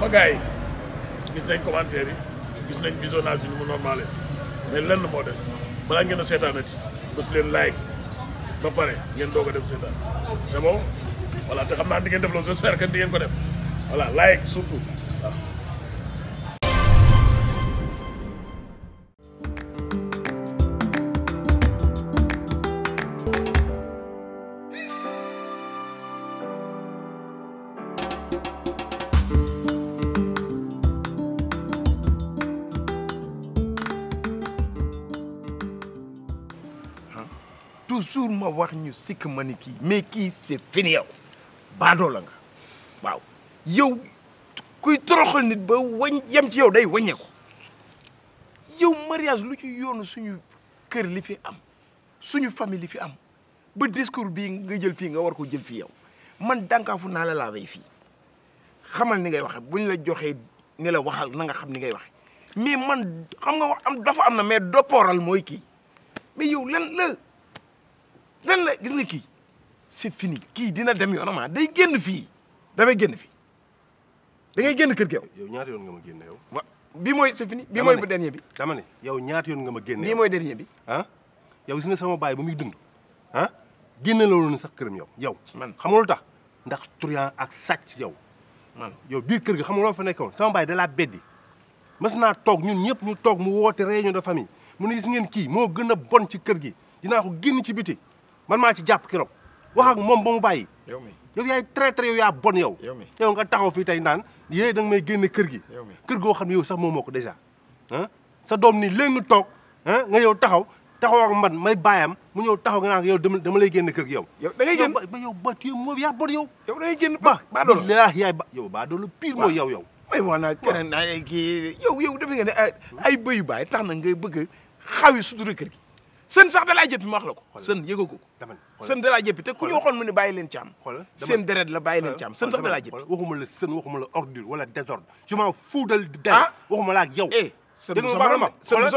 ba gars yi gis nañ commentaire yi gis nañ visionnage bi ni mu normalé mais lenn moo des balaa ngeen a seetaanati bés leen like ba pare ngeen doog a dem seetaan c'est bon voilà te xam naa di ngeen def loolu j'espère que di ngeen ko def voilà like surtout wax ñu sikk ma ni kii mais kii se fini yow baadoo la nga waaw yow kuy toroxal nit ba wañ yem ci yow day waññeeku yow mariage lu ci yoonu suñu kër li fi am suñu famille li fi am ba discours bi nga jël fii nga war ko jël fii yow man dànkaafu naa la laawee fii xamal ni ngay waxe buñ la joxee ni la waxal na nga xam ni ngay waxe mais man xam nga am dafa am na mais doppooral mooy kii mais yow la lan la gis nga kii c'est fini kii dina dem yoonam ah, day génn fii damay génn fii da ngay génn kër gi yow. yow ñaata yoon nga ma génne yow. wa bii mooy c'est fini bii mooy bu dernier bi. dama ne yow ñaata yoon nga ma génne. bii mooy dernier bi. ah yow gis nga sama baay ba muy dund ah génne loolu sax këram yow yow. man xam nga lu tax ndax truand ak sàcc yow. man yow biir kër gi xam nga loo fa nekkoon sama baay da laa beddi mas naa toog ñun ñëpp ñu toog mu woote réunion de famille mu ne gis ngeen kii moo gën a bon ci kër gi dinaa ko génn ci biti man maa ci jàpp keroog wax ak moom ba mu bàyyi. yow mi yow yaay yow yaa bon yow. yow nga taxaw fii tey naan yéen da nga may génne kër gi. kër goo xam ne yow sa moom moo ko dèjà. sa doom nii léegi nga toog nga yow taxaw taxaw ak man may bàyyam mu ñëw taxaw nga naan yow dama lay génne kër gi yow. yow da ngay ba yow ba tu moom yaa bon yow. yow génn ba baadoolo ba yaay ba yow baadoolo pire mooy yow yow. mooy maanaam keneen naa yow yow defe nga ne ay bëyu baay tax na ngay bëgg xawi sutura kër gi sën sax dalaa jëppi ma wax la ko sën yëgoo ko sën dalaa jëppi te ku ñu waxoon mu ne bàyyi leen caam seen deret la bàyyi leen caam sën sax dalaa jëppi waxuma la sën waxuma la ordure wala désordre je m'en fous de dara ah! waxuma la ak yow eh, dégg nga baal ma sën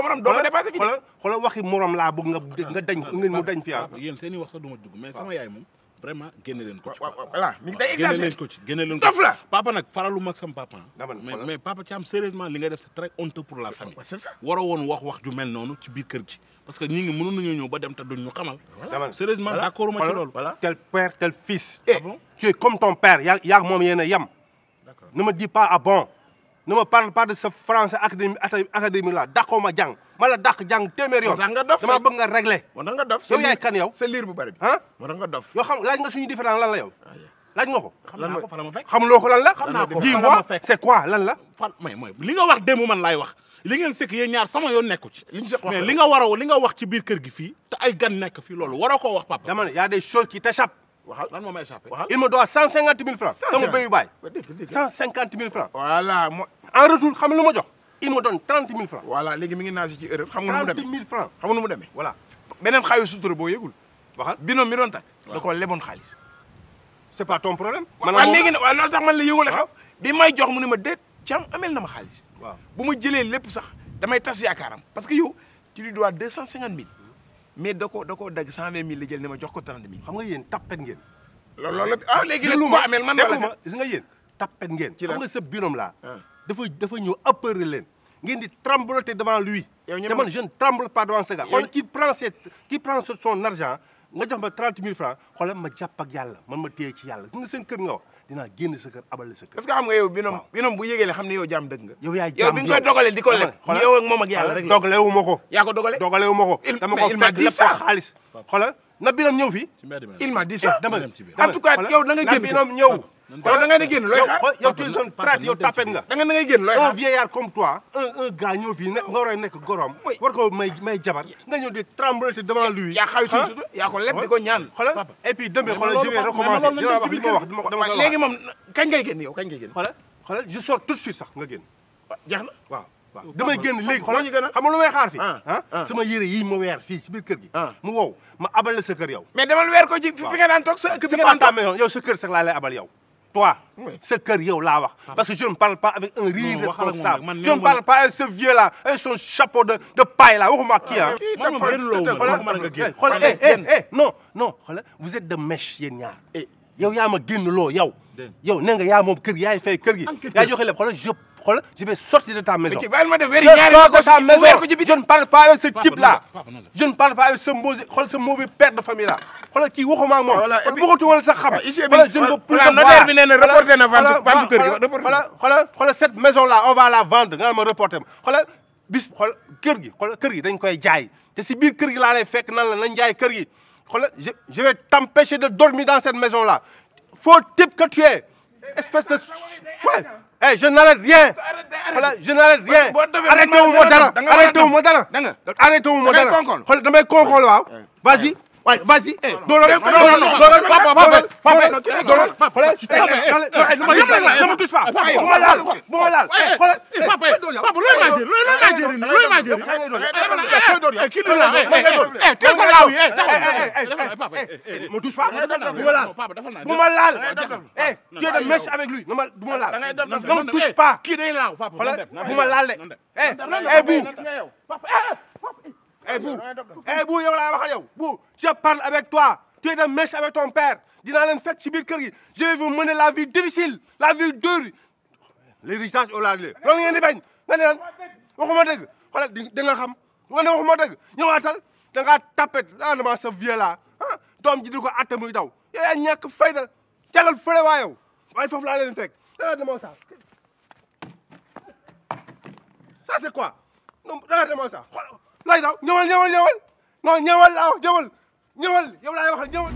sa morom laa bëgg nga nga dañ nga ah, fi ah, yéen wax sax ma dugg yaay moom vraiment génne leen ko ci. waaw voilà mi ngi day exagéré génne leen ko ci papa nag faralu mag papa ah. mais mais papa Thiam sérieusement li nga def c'est très honteux pour la famille. waaw c'est ça waroo ju mel noonu ci biir kër gi. parce que ñi ngi mënoon nañoo ba dem te duñ ñu xamal. voilà sérieusement d'accord ma ci tel père tel fils. Eh, ah comme ton père yaa yaa moom yéen a yem. pas ah bon. na me parle pas de ce français académie académie là dàqoo ma jàng ma la dàq jàng téeméer yoon. nga dof bëgg nga réglé. moo tax nga dof yow yaay kan yow. sa liir bu bari bi ah. yoo xam laaj lan la yow. Ah, laaj nga ko. la ma fekk xamuloo ko lan la. xam naa ko fa la ma fekk c'est li nga wax sekk yéen ñaar sama yoon nekku li nga war a li nga wax ci biir kër gi fii te ay gan nekk fii loolu waroo koo wax papa. dama ne y a des choses waxal lan moo ma échappé. waxal il me doit cent cinquante mille francs. sama béyu baay cent en retour xam lu ma jox. il me donne trente mille francs. voilà léegi mi ngi naasi ci erreur. xam nga nu mu demee trente mille francs xam nga nu mu demee voilà. beneen xaayu sutura boo yëgul. waxal binoom mi doon tàkk. da koo c'est pas ton problème. maanaam léegi nag waaw loolu tax man la yëgule xaw may jox mu ne ma déet cam amel na ma xaalis. waaw bu ma jëlee lépp sax damay tas yaakaaram parce que yow tu lui a deux cent cinquante mille mais da koo da koo dagg cent vingt mille la jël ne ma jox nga yéen tapet ngeen. loolu loolu ah léegi nag ma ameel man wala ma gis ngeen. ci nga sa binôme laa. Ah. dafa dafa ñëw appeuré leen. ngeen di trembloter devant lui. yow te man je ne tremble pas devant ce gars. xool qui prend cette qui prend son argent. nga jox ma trente mille francs xoolal ma jàpp ak yàlla man ma téye ci yàlla su nga seen kër nga wax dinaa génn sa kër abal nga yow binom binom bu yégee le xam yow jaam dëgg yow yaay jaam yow yow yaa ko dogale dogale wu ma ko dama ko fekk na binom ñëw fii il m'a dit eh, ça en tout cas yow da nga génn yow da nga ne looy xaar yow comme toi un un gars nga war a nekk gorom war ko may may jabar nga ñëw di trembler devant lui yaa xawi suñu suñu yaa ko leb di ko ñaan xoolal et puis dembe xoolal je vais recommencer dina wax ma wax dama ko na waaw waaw damay génn léegi xoolal xam nga lu ah, ah. sama yére yii ma weer fi si biir kër gi ah. mu wow ma abal la sa kër yow mais demal weer ko ci fi nga daan toog laa lay abal yow toi sa kër yow laa wax parce que je ne parle pas avec un riz responsable je ne parle pas avec ce de de paille là waxuma kii ah. xoolal eh, eh, eh, non non de mèche yéen ñaar. yow yaa ma génn loo yow. yow nee nga yaa moom kër yaay fay kër gi yaa joxe lépp xoolal je. xool je vais sortir de ta maison. ok bàyyi ma def ce type là. je ne parle ce mauvais xool de famille là. xoolal kii waxuma ak moom. voilà et puis bëggatu ah, kër gi. maison là on va la vendre nga ma reporté ma xoolal bis xool kër gi xoolal dañ koy jaay te si biir kër gi laa lay fekk nan la nañ jaay kër gi xoolal je je vais t'empêcher de dormir dans cette maison là faux type que tu es espèce de ouais eh je n'arrête rien. je n'arrête rien. arrêté wu ma dara arrêté wu ma dara. arrêté wu ma dara xool damay konkool waaw eh, eh. vas-y. waaye vas-y. non non non papa papa papa non papa non tu ne me touche pas. waaye bu ma laal bu ma laal. papa papa looy maa jëriñ looy maa jëriñ looy maa jëriñ. me touche bu ma laal bu ma laal. tu es de mèche avec lui bu ma laal. ne me touche pas. kii bu. eh bu eh bu yow laa waxal yow bu je parle avec toi tu es de mèche avec ton père dinaa leen fekk ci biir kër gi je vais vous mener la vie difficile la vie dure les résistances au large loolu ngeen di bañ nga ne lan waxuma dëgg xoolal di nga xam nga ne waxuma dëgg ñëwaatal da ngaa tapet ah damaa sa vieux là doom ji di ko atte daw yow yaa ñàkk fayda calal fële waa waaye foofu laa leen fekk dangaa demoo sax ça c'est quoi non dangaa demoo lay daw ñëwal ñëwal ñëwal non ñëwal laa ah, wax ñëwal yow laay waxal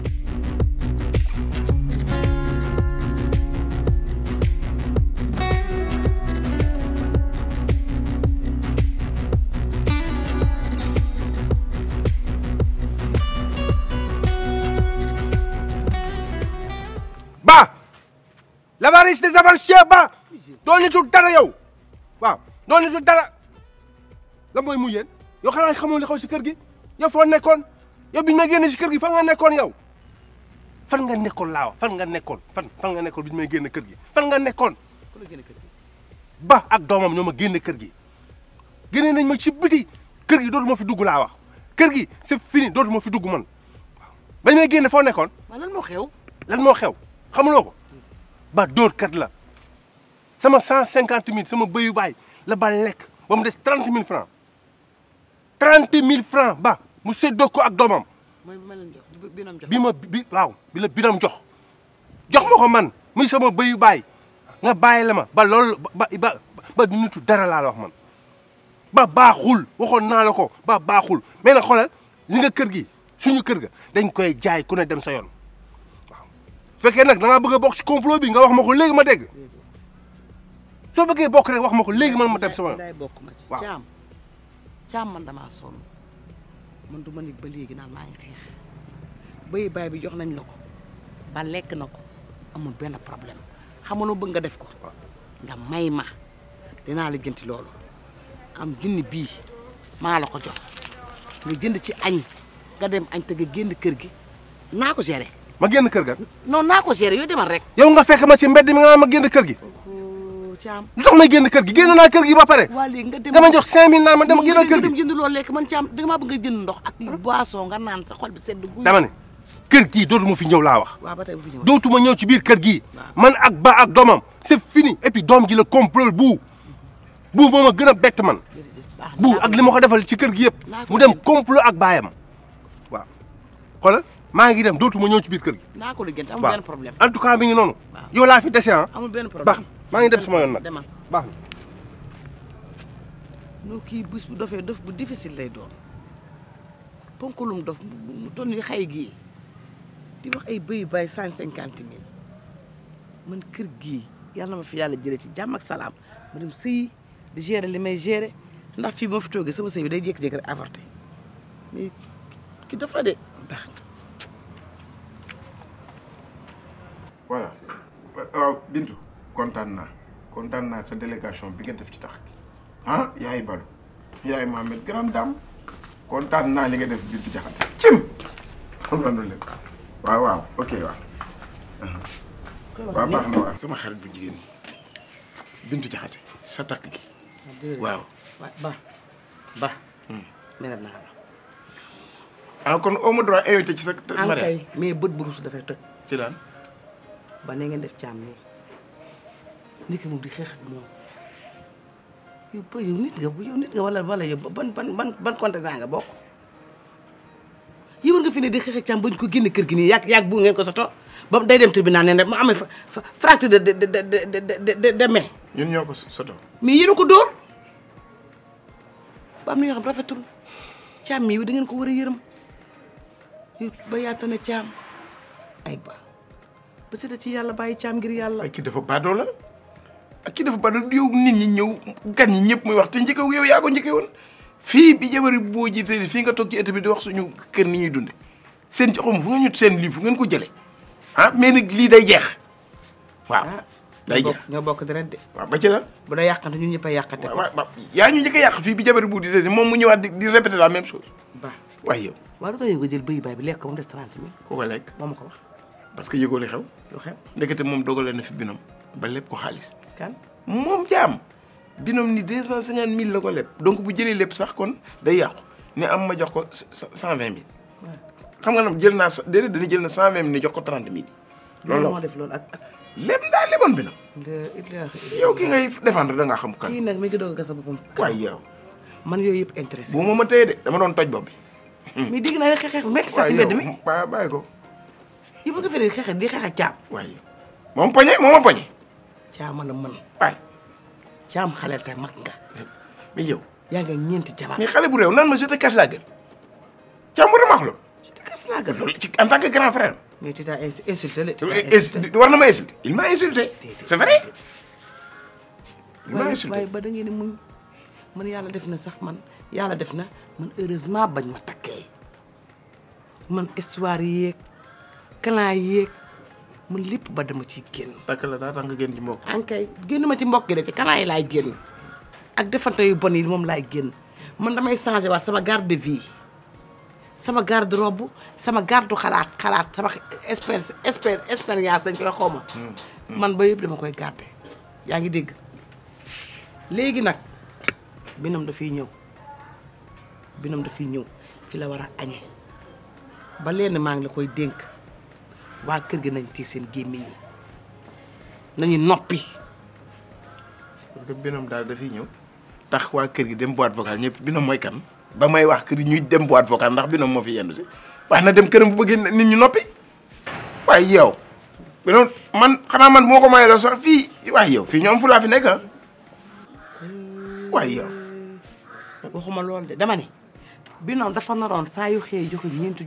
ba l'avarice des avaricieux ba doon nitul dara yow waaw doon nitul dara la mooy mu yéen yow xanaa xamoo li xaw si kër gi yow foo nekkoon yow biñ may génne si kër gi fan nga nekkoon yow fan nga nekkoon laawa fan nga nekkoon fan fan nga nekkoon biñ may génne kër gi fan nga nekkoon ba ak doomam ñoo ma génne kër gi génne nañ ma ci biti kër gi dootuma fi dugg laa wax kër gi c'est fini dootuma fi dugg man bañ may génne foo nekkoon lan moo xew lan moo xew xamuloo ko ba dóor kat la sama cent cinquante mille sama bëyu baay la ba lekk ba mu des trente mille francs trente mille francs ba mu séddoo ko ak doomam. mooy bi ma bi waaw bi la binam jox. jox ma ko man muy sama bëyu bay nga bàyyi la ma ba loolu ba ba ba dara laa wax man ba baaxul waxoon naa la ko ba baaxul mais nag xoolal si nga kër gi suñu kër ga dañ koy jaay ku ne dem sa yoon waaw fekkee nag da ngaa bëgg a bokk bi nga wax ma ko léegi ma dégg soo bëggee bokk rek wax ma ko léegi man ma dem sama yoon waaw caam man damaa sonn man du ma nekk ba léegi naan maa ngi xeex bëy baay bi jox nañ la ko ba lekk na ko amul benn problème xamaloo bëgg nga def ko nga may ma dinaa la jënti loolu am junni bii maa la ko jox nga jënd ci añ nga dem añ te génn kër gi naa ko gérer. ma génn kër ga. non naa ko gérer yow demal rek. yow nga fekk ma ci mbedd mi nga naan ma génn kër gi. lu tax may génn kër gi génn naa kër gi ba pare. waa léegi nga dem dama jox 5000 naan ma dem génn kër gi. dem a naan sa xol bi sedd guy. dama ne kër gii dootuma fi ñëw laa wax. waaw ba tey bu fi ñëw dootuma ñëw ci biir kër gi man ak ba ak doomam c'est fini et doom ji la complot bu bu moom a gën a bett man. bu ak li ma ko defal ci kër gi yëpp mu dem complot ak baayam waaw xoolal maa ngi dem dootuma ñëw ci biir kër gi. naa ko liggéey amul benn problème en tout cas mi ngi noonu. yow laa fi dese ah. amul benn problème maa ngi dem suma yoon nag baax na. noo kii bés bu dofee dof bu difficile lay doon ponkalum dof mu toll ni xay gii di wax ay bëyu bàyyi cent cinquante mille man kër gii yàlla ma fi yàlla jëlee ci jàmm ak salaam ma dem sëyi di gérer li may gérer ndax fii moo fi toogee sama sei bi day jékki-jékki rek avorté mais ki dof la de baax na. Euh, kontaan naa kontaan naa sa délégation bi nga def ci tax ah yaay balu yaay Mohamed grande dame kontaan naa li nga def biir bi jaxate cim xam waaw waaw ok waaw. waaw sama xarit bu jigéen bintu gi ah, waaw ba ba meram naa la ah kon au moins droit invité ci sa mariage mais bët bu ruus dafay toj ci lan ba ne ngeen def caam nii nekk nag di xeex ak moom yow ba yow nit nga yow nit nga wala wala yow ban ban ban ban contestant nga bokk. yow nga fi ne di xeex ak càmm bañ ko génne kër gi nii yàgg yàgg bu ngeen ko soto ba day dem tribunal ne mu amee fracture de de de de de de main. ñun ñoo ko soto. mais yéen a ko dóor ba am na yoo xam rafetul càmm mi da ngeen ko war a yërëm yow ba yaata na càmm ay ba ba si da ci yàlla bàyyi càmm ngir yàlla. ay kii dafa baadoo la. ak ki dafa bari yow nit ñi ñëw gan ñi ñëpp muy wax te njëkk yow yaa ko njëkkee woon fii bi jabari boo jiitee fii nga toog ci état bi di wax suñu kër ni ñuy dunde seen joxum fu nga ñu seen lii fu ngeen ko jëlee ah mais nag lii day jeex waaw. Ah, day jeex ñoo bokk deret de. waaw ba ci lan. bu da yàqante ñun ñëpp a yàqante ko. waaw yaa ñu njëkk a yàq fii bi jabari bu di moom mu ñëwaat di di répéter la même chose. waaw waaye yow. waaw lu tax yéen ko jël bëy baay bi lekk ko ba mu des trente mille. ku ko lekk moo ma ko wax. parce que yëgoo li xew. lu xew ndekete moom dogale na fi binam ba lépp ko xaalis kan moom Thiam binom ni deux cent cinquante mille la ko leb donc bu jëlee lépp sax kon day yàqu ne am ma jox ko cent vingt mille xam nga nag jël naa sa déedéet dañuy jël na cent vingt mille ni jox ko trente mille loolu la moo def loolu ak lépp ndaa leboon bi nag yow ki ngay défendre da nga xam kan kii nag mi ngi doog a gas a boppam waay yow man yooyu yëpp intéressé bu ma ma téye de dama doon toj bopp bi mais dégg naa ne xeex bu métti sax ci mbedd mi waaw bàyyi ko yow bu nga fene xeex di xeex a caab waay yow moom poñe moom a poñe caama la mën. waay caam xale te mag nga. mais yow. yaa ngi ñeenti jabar. mais xale bu réew naan ma je te casse la gueule caam ma wax loolu. je te casse la gueule loolu ci en tant que grand frère. mais tu t'as insulté war na ma insulté il m'a insulté. c'est vrai. il m'a insulté waaye ba da ngeen di muñ man yàlla def na sax man yàlla def na man heureusement bañ ma takkee man histoire yeeg clan yeeg. mu lépp ba dama ciy génn. ak la daa tax nga génn ci mbokk. ankay génn ma ci mbokk gi de ci kanaa yi laay génn ak defante yu bon yi moom laay génn man damay changé waat sama garde vie sama garde sama garde xalaat xalaat sama expérience expérience dañ koy xawma hmm, hmm. man ba yëpp dama koy garde yaa ngi dégg léegi nag binom dafiy ñëw binom dafiy ñëw fi la war a añee ba lenn maa ngi la koy dénk. waa kër gi nañ téye seen gémmiñ yi nañu noppi. parce que binom daal dafiy ñëw tax waa kër gi dem boîte vocale ñëpp binom mooy kan ba may wax kër yi ñuy dem boîte vocale ndax binom moo fi yendu si wax na dem këram bu bëggee nit ñu noppi waaye yow binom man xanaa man moo ko mayeloo sax fii waaye yow fii ñoom fu laa fi nekk ah waaye yow. waxuma loolu de dama ne binom dafa naroon saa yu xëyee joxe ñeenti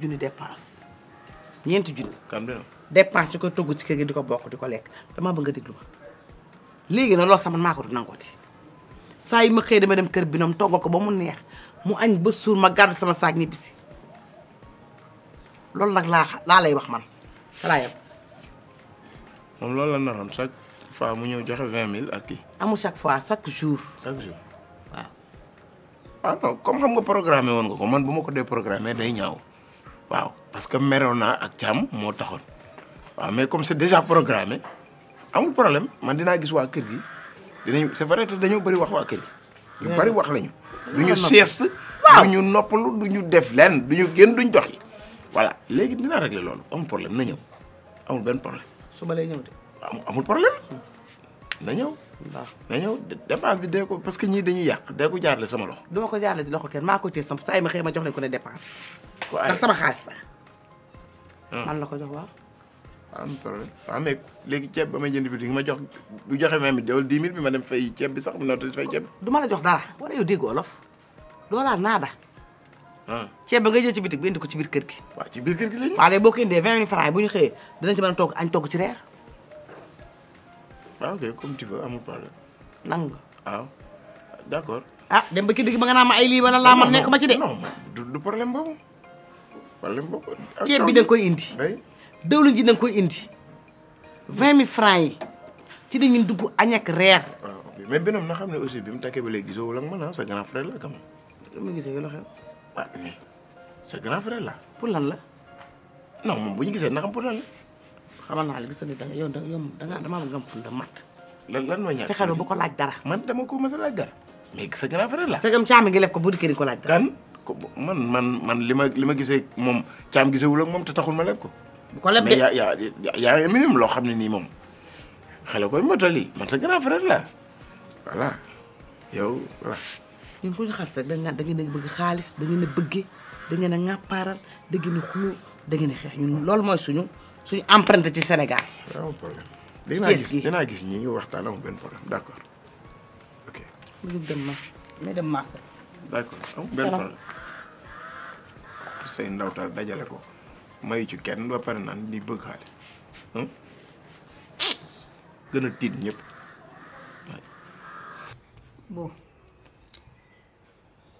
ñeenti junni. kan bi dépense ñu koy togg ci kër gi di ko bokk di ko lekk damaa bëgg nga déglu ma. léegi nag loolu sama maa ko du nangooti saa yi ma xëy dama dem kër bi noonu togg ko ba mu neex mu añ ba suur ma gàddu sama saag ñibbisi loolu nag laa laa lay wax man xalaayam. moom loolu la naroon chaque fois mu ñëw joxe vingt mille ak kii. amul chaque fois chaque jour. chaque jour waaw. ah non comme xam nga programmé woon ko man bu ma ko déprogrammé day ñaaw waaw. parce que meroon naa ak Thiam moo taxoon waaw mais comme c'est déjà programmé amul problème man dinaa gis waa kër gi dinañ c'est vrai que dañoo bëri wax waa kër gi. ñu hmm. bëri wax lañu. du ñu sieste. waaw du ñu noppalu du ñu def lenn du ñu génn duñ dox yi voilà léegi dinaa régler loolu amul problème na ñëw amul benn problème. suba lay ñëw de. amul problème hmm. na ñëw. waaw na ñëw dépense bi dee ko parce que ñii dañuy yàq dee ko jaarale sama loxo. duma ko jaarale di loxo kenn maa koy téye sama saa yi ma xëy ma jox leen ko ne dépense. waaw ndax sama xaalis la. man ah. la ko jox waaw. am problème waaw mais léegi ceeb ba may jënd bitig ma jox bu joxe vingt mille wala dix mille bi ma dem fay ceeb bi sax mu noter fay ceeb bi. du ma la jox dara wala yow dégg olof loolaa naada. Ah. ceeb ba ngay jël ci bitig bi indi ko ci biir kër gi. waaw ci biir kër gi lañu. waaw léegi boo ko indee vingt mille francs yi bu ñu xëyee dinañ ci mën a togg añ togg ci reer. waaw ah, ok comme tu veux amul problème. nangu nga. waaw d'accord. ah dem ba kii dëgg ba nga naan ma ay lii wala laa man nekk ma ci de. non du problème boobu. wala ceeb bi da koy indi. dawlin ji da nga koy indi vingt mille francs yi ci la ñuy dugg añ ak reer. waaw binom na xam ne aussi bi mu takkee ba léegi gisoo wala nga ah, sa grand frère la kam. lu ma gisee lu xew. ah la. pour lan la. non moom bu ñu gisee na xam pour lan la. xamal naa la gis nga yow da yow da ngaa damaa bëgg a funda mat. lan lan mooy ñaar fexeel ba ko laaj dara. man dama ko mës a laaj dara. mais sa grand frère la. sëgam caami ngi leb ko bu dikkee ko laaj dara. man man man li ma li ma gisee moom caam gisewul ak moom te taxul ma leb ko. bu ko leb de mais yaa yaa yaa minimum loo xam ne nii moom xale koy motali man sa grand frère la voilà yow voilà. ñun ku ñu xas rek da nga da ngeen a bëgg xaalis da ngeen a bëggee da ngeen a ŋàppaaral da loolu mooy suñu suñu empreinte ci Sénégal. waaw problème dinaa gis dinaa gis ñi waxtaan amul benn problème d'accord ok. ñu ma dem marché. d'accord amul ah, benn problème. say dajale ko mayu ci kenn ba pare naan bi bëgg xaalis hmm? gën a tiit ñëpp. bon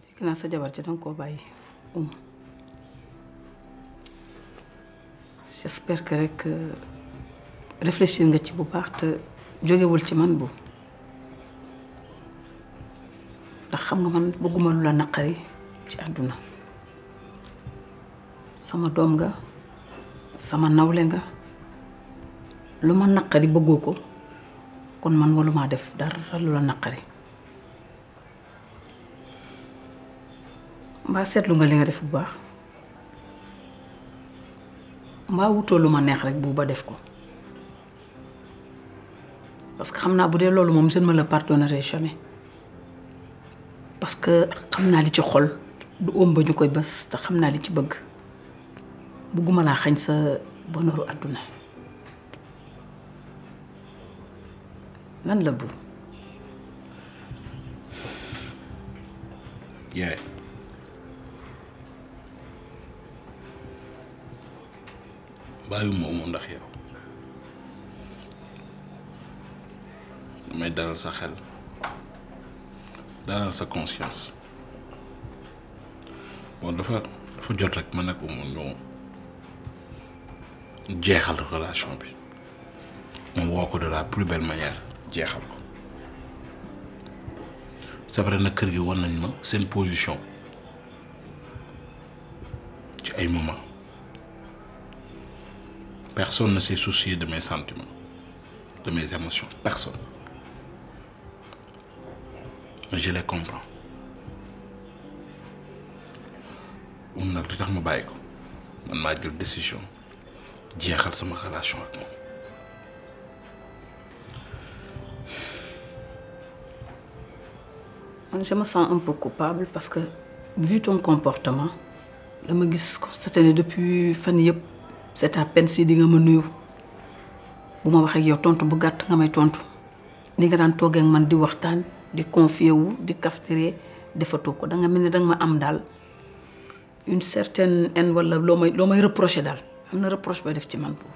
dégg naa sa jabar ci danga koo bàyyi um j'espère que rek euh, nga ci bu baax te jógewul ci man bu xam nga man bëgguma lu la naqari ci àdduna sama doom nga sama nawle nga lu ma naqari bëggoo ko kon man maa def dara lu la naqari mbaa seetlu nga li nga def bu baax mbaa wutoo lu ma neex rek bu ba def ko parce que xam naa bu dee loolu moom je ne me le pardonnerai jamais parce que xam naa li ci xol du ëm ñu koy bës te xam naa li ci bëgg bëgguma laa xañ sa bonheuru àdduna lan la bu yaay bàyyi moomu ndax yow damay dalal sa xel dalal sa conscience bon dafa dafa jot rek man ak Oumou ñu jeexal relation bi moom woo ko de la plus belle manière jeexal ko c'est vrai kër gi won nañ ma seen position ci ay moment personne ne s'est soucié de mes sentiments de mes émotions personne je les comprends um nag li tax ma bàyyi ko man maa jël décision jeexal sama relation ak moom man je me sens un peu coupable parce que viton comportement dama gis constaté ne depuis fan yëpp c'est à peine si nga ma nuyu bu ma wax ak tontu bu gàtt nga may tontu ni nga daan toog man di waxtaan di confier wu di kaftiree defatoo ko danga mel ni danga ma am daal une certaine haine wala loo may loo may reproché daal am na reproche bay def ci man boobu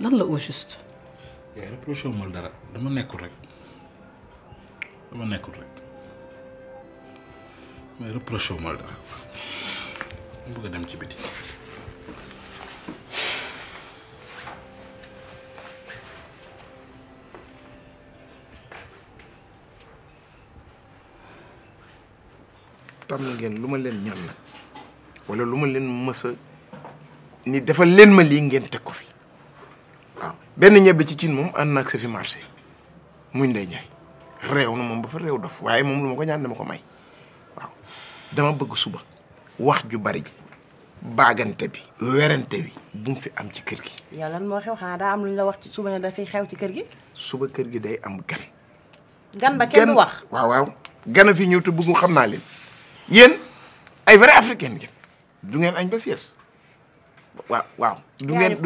lan la au juste. yaay reproché wu ma dara dama nekkul rek dama nekkul rek mais reproché wu dara mu bëgg dem ci biti. tàmm ngeen lu ma leen ñaan wala lu ma leen mësa ni dafa leen ma lii ngeen teg ko fi waaw benn ñebe ci cin moom ànd naag sa fi marché muy ndey ñaay réew na moom ba fa réew dof waaye moom lu ma ko ñaan moo ko may dama bëgg suba wax ju bari ji baagante bi werante bi bu fi am ci kër gi. yow lan moo xew xanaa daa am lu ñu la wax ci suba ne dafay xew ci kër gi. suba kër gi day am gan. gan ba kenn wax. waaw waaw gana fi ñëw te bëggu xam naa leen. yéen ay vrai africain ngeen du ngeen añ ba sies waaw waaw ngeen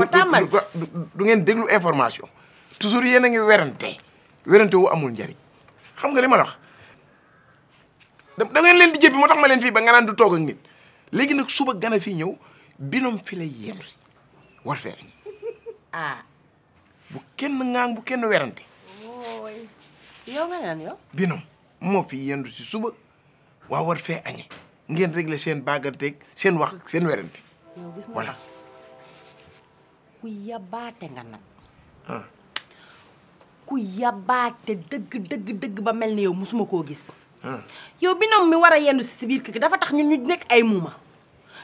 du ngeen déglu information toujours yéen a ngi werante werante wu amul njariñ xam nga li ma la leen di jëppi moo tax ma leen fii ba nga naan du toog ak léegi nag suba gan a fii ñëw binom fi lay yéen war fee añ ah bu kenn ngaang bu kenn werante yow binom moo fi yendu si suba waaw war fee añi ngeen régler seen baaganteeg seen wax seen werante voilà ku yabaate nga nag ah. ku yabaate baate dëgg dëgg ba mel ni yow musuma koo gis ah. yow binoom mi war a yendu si biir gi dafa tax ñun ñu nekk ay muuma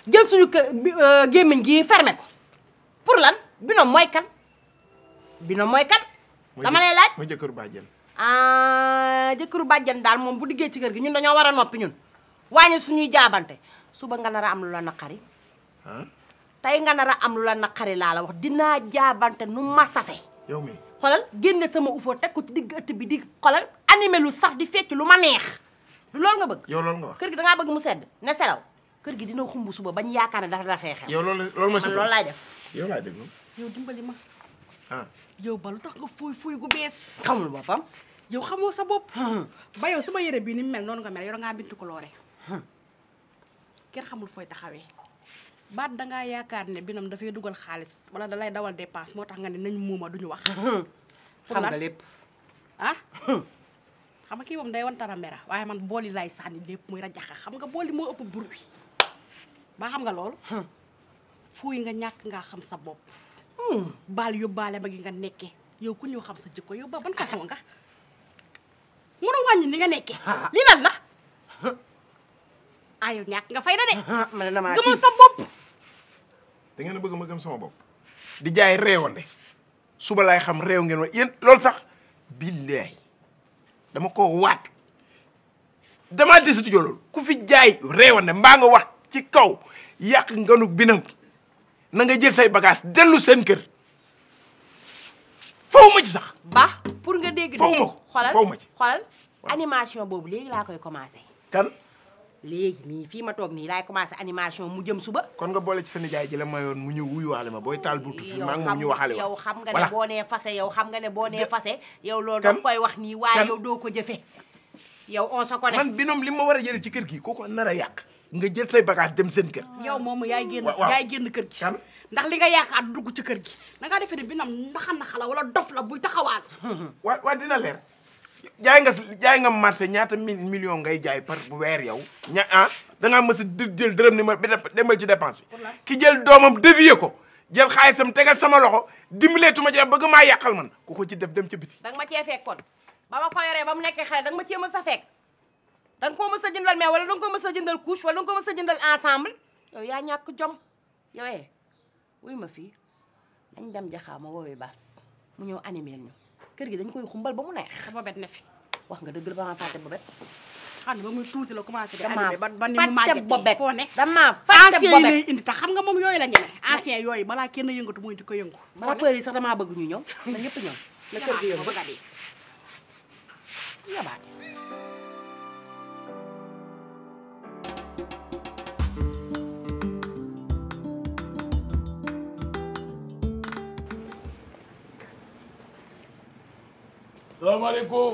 jël suñu euh, gémmiñ gi fermé ko pour lan binoom mooy kan binoom mooy kan dama lay laaj ah jëkkëru bàjjan daal moom bu diggee ci kër gi ñun dañoo war a noppi ñun wàññi suñuy jaabante suba nga nar a la naqari tey nga nar a am lu la naqari laa la wax dinaa jaabante nu ma safe yow mi xolal génne sama ufo teg ko ci digg ëtt bi di xolal animé lu saf di fecc lu ma neex lu loolu nga bëgg yow loolu nga wax kër gi dangaa bëgg mu sedd ne selaw kër gi dina xumb suba bañ yaakaar ne dafa dafee xel yow loolu loolu ma loolu laay def yow laay dimbali ma Ah. yow ba lu tax nga fuuy fuuy gu bees. xamul boppam. yow xamoo sa bopp. Hmm. ba yow sama yére bii ni mu mel noonu nga mel yor ngaa ko koloore. Hmm. kenn xamul fooy taxawee. baat dangaa yaakaar ne binam dafay dugal xaalis wala dalay dawal dépense moo tax nga ne nañ muuma duñu wax. Hmm. xam nga lépp ah. xam nga day wan tara mera waaye man booli laay sànni lépp muy rajaxa xam nga booli moo ëpp bur bi ba xam nga loolu. fuuy nga ñàkk ngaa xam sa bopp. Hmm, baal yóbbaale ba gi nga nekkee yow ku ñëw xam sa jikko yow ba ban façon nga mën a wàññi ni nga nekkee li lan la ayo ah, ñàkk nga fayda de gëmal sa bopp da ngeen a bëgg ma gëm sama bopp di jaay réewande suba laay xam réew ngeen wa yéen loolu sax billaay dama ko waat dama desitujo loolu ku fi jaay réewande mbaa nga wax ci kaw yàq nganug binam na nga jël say bagage dellu seen kër faw ma ci sax. ba pour nga dégg. faw ma ko faw ma ci xoolal animation boobu léegi laa koy commencé. kan. léegi nii fii ma toog nii laay commencé animation mu jëm suba. kon nga boole ci sa nijaay ji la mayoon mu ñëw wuy wuyuwaale ma boo taal buntu fi maa ngi moom ñu waxaale wa yow xam nga ne boo nee fase yow xam nga ne boo nee fase yow loolu da koy wax nii waaye yow doo ko jëfe yow on ko connaît. man binom li ma war a jëlee ci kër gi ko nar a yàq. nga jël say bagage jëm seen kër. yow moom yaay génn yaay génn kër gi. ndax li nga yaakaar dugg ci kër gi. da ngaa defee ne bi nam naxa naxa la wala dof la buy taxawaal. wa waa dina leer. jaay nga jaay nga marché ñaata million ngay jaay par weer yow. ña ah da ngaa mës a jël dërëm ni ma demal ci dépense bi. ki jël doomam dévier ko. jël xaalisam tegal sama loxo dimbileetu ma jël bëgg maa yàqal man ku ko ci def dem ci biti. danga ma cee fekkoon ba ma ko ba mu nekkee xale danga ma cee mës a da nga koo mës a jëndal mais wala da nga koo mës a jëndal couche wala da nga ma mës a jëndal ensemble yow yaa ñàkk jom yowee eh, wuy ma fii dañ dem jaxaa ma woowee mu ñëw animé ñu kër gi dañ koy xumbal ba mu neex bobet ne fi wax nga dëgg la ba ma fàtte bobet xam ne la commencé di animé ba ba ni mu màgget bobet ne dama fàtte yi lay indi tax xam nga moom yooyu la ñeme yooyu balaa kenn yëngatu mooy di ko yëngu rappeur yi sax damaa bëgg ñu ñëw da ñëpp ñëw na kër gi yëngu salaamaaleykum.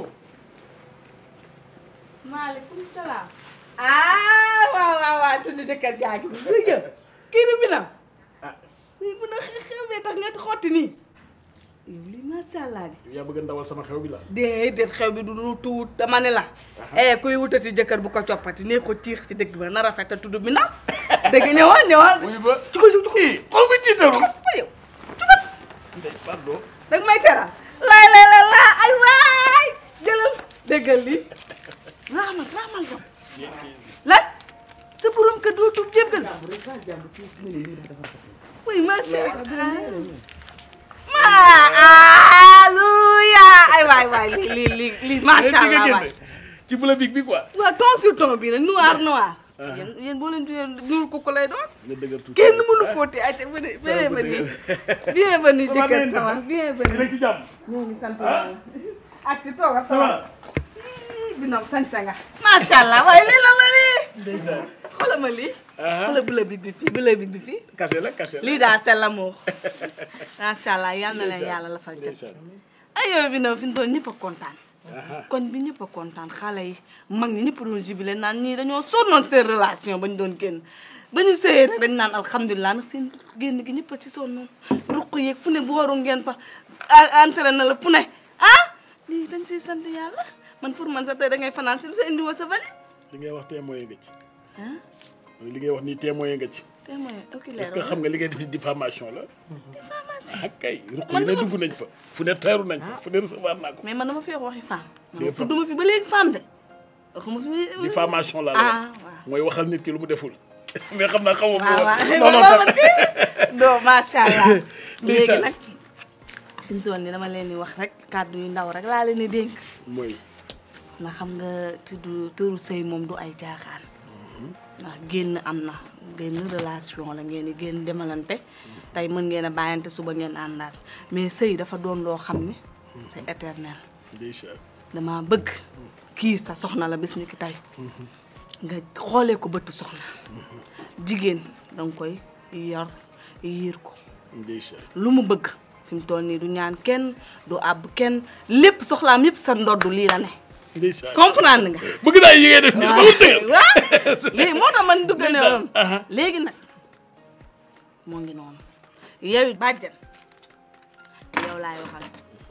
maaleykum salaam. ah waaw waaw waaw suñu jëkkër jaa ngi nii luy yëg bi la. ah mun a xew bee tax nga xotti nii. yow lii macha allah di. yaa bëgg ndawal sama xew bi la. déedéet xew bi du lu tuut dama ne la. Ah. eh kuy wutati jëkkër bu ko coppati nee ko tiix ci dëgg ba na rafet a tudd bi ndax. dëgg ñëwaat ñëwaat. wuyu ba ci ko ci ko ci ko ci ko déggal li raamal raamal yow lan sa borom kër doo tuub jéggal oui macha allah alléluia ay waay waay li li li macha allah waay ci bleu bi bi quoi waaw ton sur ton bi la noir noir ah. yéen yéen boo leen tuddee ñuul kooku lay doon. kenn mënu koo téye ay te bien bienvenue. bienvenue jëkkër sama bienvenue. ñu ngi sant ah. ak si toogal sama. bi allah waaye lii la lii xoolal ma lii uh-huh. xoolal bële bi bi fii bële bi bi fii lii daa c'est l'amour macha allah yal na leen yàlla lafal jot ay yooyu bi noom fi mu doon ñëpp a kontaan uh-huh. kon bi ñëpp a kontaan xale yi mag ñi ñëpp doon jubile naan ñii dañoo sonnoon seen relation ba ñu doon génn ba ñu sëyee rek dañ naan alhamdulilah nag seen génn gi ñëpp a ci sonnoon ruq yeeg fu ne booru ngeen fa entraîné na la fu ah lii dañ siy sant yàlla man pour man sa tey fanaan si sa indi ma sa valise. li ngay wax témoin nga ci. li ngay wax nii témoin nga ci. témoin ok parce que xam nga li ngay def ni diffamation la. diffamation ah kay. dugg nañ fa fu ne teeru ah. fu ne recevoir man dama fi wax waxi femme. man fu duma fi ba léegi femme de. waxuma fi diffamation la la ah, mooy waxal nit ki lu mu deful. mais xam naa xaw ah, ma. non non non macha leen di wax rek kàddu yu ndaw rek laa leen di dénk. na xam nga du turu sëy moom du ay caaxaan ndax génn am na génn relation la ngeen di génn demalante tey mën ngeen a bàyyante suba ngeen àndaat mais sëy dafa doon loo xam ne c'est éternel dama bëgg kii sa soxna la bis ni ki tey nga xoolee ko bëtt soxna jigéen danga koy yor yiir ko lu mu bëgg fi mu toll nii du ñaan kenn du àbb kenn lépp soxlaam yépp sa ndodd lii la ne comprendre nga. bëgg naa yi ngay def nii moo tax man dugg na léegi nag moo ngi noonu yow it bàjjen yow laay waxal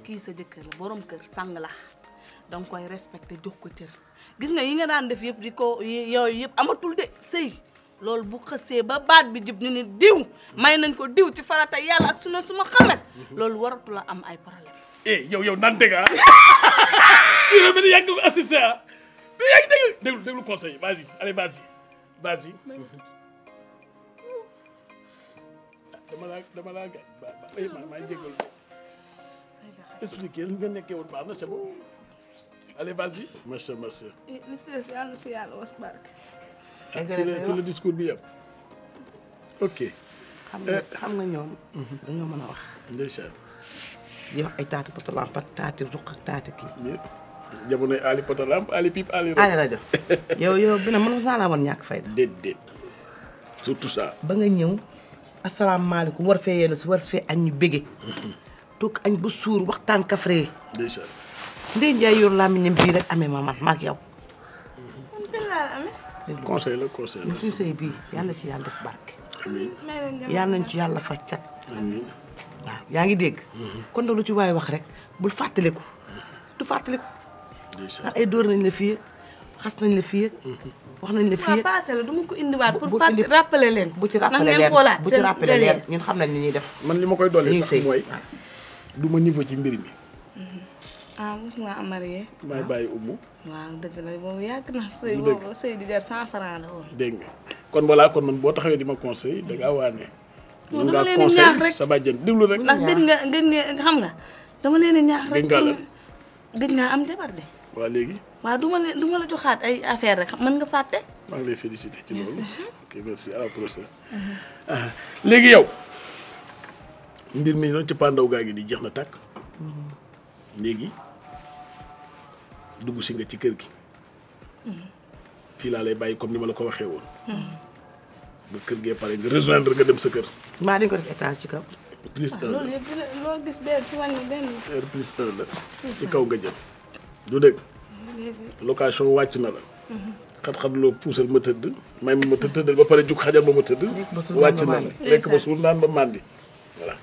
kii sa jëkkër la borom kër sang la danga koy respecté jox ko gis nga yi nga daan def yëpp di ko yooyu yëpp amatul de sëy loolu bu xësee ba baat bi jub ni ni diw may nañ ko diw ci farata yàlla ak suna suma xamet mhm. loolu waratu la am ay problème eh yow yow nante ah? yow mii yaa ngi doon assisté ah mais yaa ngi déglu déglu déglu conseil vas-y allez vas-y vas-y. dama laa dama laa gàñ ba ba ay eh, maa maa jégal ko expliqué li nga nekkee woon baax na c'est bon allez vas-y. merci merci. li si des yàlla na si yàlla was barke. intéressé ah, fi la discours bi yem ok. xam nga xam nga ñoom. dañoo mën a wax. ndeysaan. di wax ay taati potolampa taati ruq ak taati kii. jamonoy Ali Potolam Ali Pipe Ali. Ali rajo yow yow bi na man mos naa laa woon ñàkk fayda. déet déet surtout ça. war fee yéen su war fee añ ñu bége. toog añ ba suur waxtaan kafre. ndeysaan. Ndeye Ndiaye yor laa mi ne bii rek amee ma man maak yow. conseil la yàlla def barke. amiin yal nañ ci yàlla far cat. amiin yaa ngi dégg. Mhm. kon nag lu ci waay wax rek bul fàttaliku du fàttaliku. ndax ay ah, eh, door nañ la fii xas nañ la fii wax nañ la fii waaw passé la du ma ko indiwaat pour fàtte rappeler leen bu ci rappeler leen bu ci rappeler leen ñun xam nañ ni ñuy def man li ma koy dolli sax mooy du ma niveau ci mbir mi mm-hmm. ah mosuma am marié may ah. bàyyi umu waaw dëgg la boobu yàgg na sëy boobu sëy di jar cent francs la woon dégg boo taxawee di ma conseil da ngaa waane sa bàjjen déglu rek ndax gëj nga gëj nga xam nga dama leen di ñaax rek gëj nga am jabar de waa léegi. waaw du ma la du ma la joxaat ay affaire rek mën nga fàtte. maa ngi lay félicité ci loolu. ok merci à mhm. ah, léegi yow mbir mi noonu ci pandaw gaa gi di jeex na tàkk. Mhm. léegi dugg si nga ci kër gi. Mhm. fii laa lay bàyyi comme ni ma la ko waxee woon. ba kër gee pare nga rejoindre nga dem sa kër. maa dañ ko def étage ci kaw. plus un ah, la loolu gis benn si wàllu benn. plus kaw nga jëm. du dëgg mm-hmm. location wàcc na la xat-xat loo puusal ma tëdd may ma tëdd tëddal ba pare jug xajal ma ma tëdd wàcc na la lekk ba suur naan ba màndi voilà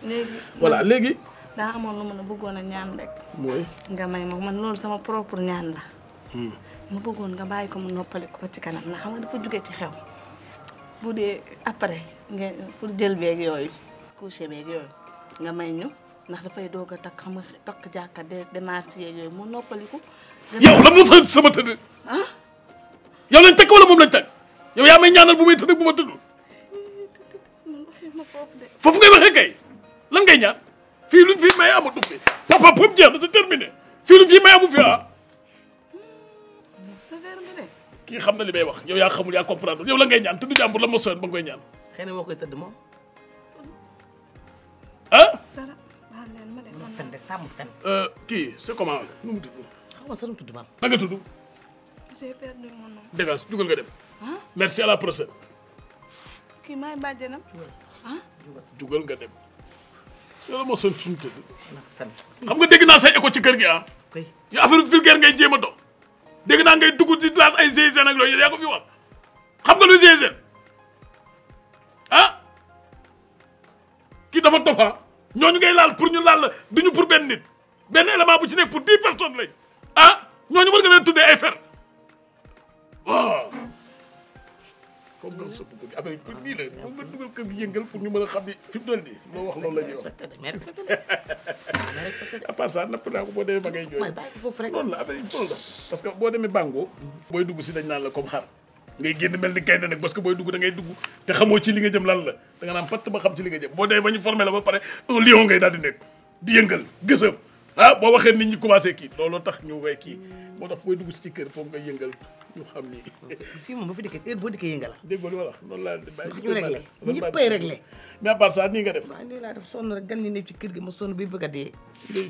voilà léegi daa amoon na mën a bëggoon a ñaan rek mooy nga may ma man loolu sama propre ñaan la hmm. ma bëggoon nga bàyyi ko mu noppali ko ci kanam na xam nga dafa jugee ci xew bu dee après nga pour jël beeg yooyu coucher beeg yooyu nga may ñu ndax dafay doog a takk xam nga takk jàkka de démarcier yooyu mu noppaliku. yow lan moo sa sama tëdd. ah. yow lañ takk wala moom lañ may ñaanal bu may bu ma tëdd. foofu ngay waxee kay lan fii luñ fi may amatu fi papa pam jeex na c'est terminé fii luñ fi may amu fi ah. kii xam na li may wax yow yaa xamul yaa comprendre yow la ngay ñaan tëdd jàmbur la ma soyoon ba ngay ñaan. xëy na moo koy tëdd moom. ah. taamu euh, kii c'est comment nu mu tudd. xaw ma sa nu mu tudd maam. na nga tudd. j'ai perdu mon nom. jugal nga dem. la prochaine. kii maay bàjjenam. jugal nga dem. yàlla moo sonn suñu tëdd. xam nga dégg naa say ci kër gi ah. oui yow affaire vulgaire ngay jéem a dox. dégg naa ngay dugg ci classe ay GIGN ak yooyu yaa ko fi wax xam nga lu GIGN ah kii dafa tofa ñoo ñu ngay laal pour ñu laal la du ñu pour benn nit benn élément bu ci nekk pour dix personnes lañ ah ñooñu war nga leen tuddee ay fer waaw. foog nga soppi ko affaire yi pour nii la moom nga dugal kër gi yëngal pour ñu mën a xam ni fi mu toll nii moo wax loolu la ñuy wax. mais respecté la ko boo demee ma ngay jooy. mooy bàyyi foofu rek yi noonu la parce que boo demee Bango. booy dugg si dañ naan la comme xar. ngay génn mel ni gaynde nag parce que booy dugg nga jëm lan la da naan patt ba xam ci li nga jëm boo dee ba ñu formé la ba pare un lion ngay daal di nekk di yëngal gësëm ah boo waxee nit ñi commencé kii looloo tax ñu way kii moo tax booy dugg nga yëngal boo dikkee yëngal. ma la wax noonu laa bàyyi. ñu réglé ñëppay réglé. nii nga def. waaw nii laa nekk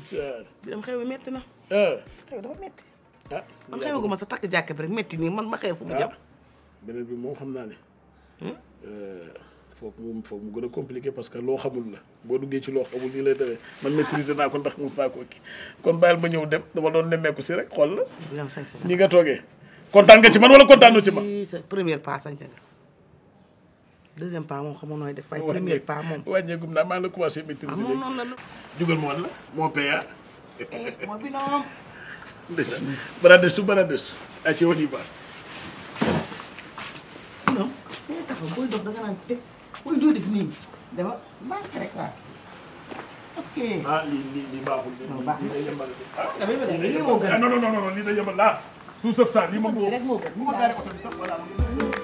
ci a metti na. Ah. xew dafa ah. ma sa takk jàkk bi rek metti nii man ma xew fu mu jàpp. beneen bi moom xam naa ne. Hmm? Euh, foog mu foog mu gën a compliqué parce que loo xamul la boo duggee ci loo xamul nii lay demee man maîtriser naa ko ndax mos naa koo kii kon bàyyil ma ñëw dem dama doon nemmeeku si rek xool la. nii nga toogee. kontaan nga ci man wala kontaanoo ci man. sa première pas sañ nga deuxième pas moom xamoon nooy def. waaye première pas moom wàññeekum naa maa la commencé maîtriser ah, léegi. amoon noonu la jugal ma la moo paya. moo bi noonu. déjà bara desu bara desu. ayca woon yu fa booy dox da nga naan teg booy doo def nii dama baax rek waaw. ok ah lii lii lii baaxul. non baaxul lii day yembal ah non non non lii day yembal ah. tout sauf ça lii moom moo. rek moo gën mu ma gaare oto bi sax wala.